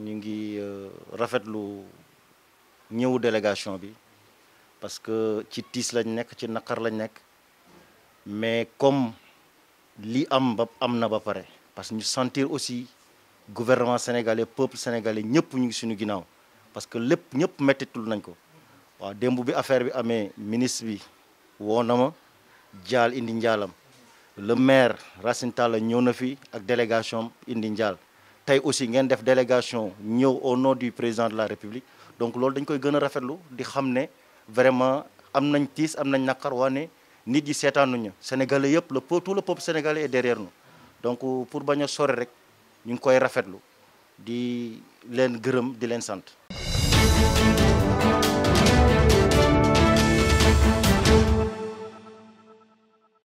ñu ngi euh, rafetlu délégation bi parce que ci tiis lañ nek, ci nakar lañ nek, mais comme li am ba am na ba paré parce que ñu sentir aussi gouvernement sénégalais peuple sénégalais ñëpp ñu ngi suñu ginnaaw parce que lépp ñëpp tul nañ ko wa dembu bi affaire bi amé ministre bi wonama Dial indi Ndialam le maire Racine Talla ñëw na fi ak délégation indi Ndial tay aussi ngeen def délégation ñëw au nom du président de la république donc lool dañ koy gëna rafetlu di xamné vraiment am nañ tiis am nañ naqar waane nit yi seetaanuñu sénégalais yépp le tout le peuple sénégalais est derrière nous donc pour baña a rek ñu koy rafetlu di leen gërëm di leen sant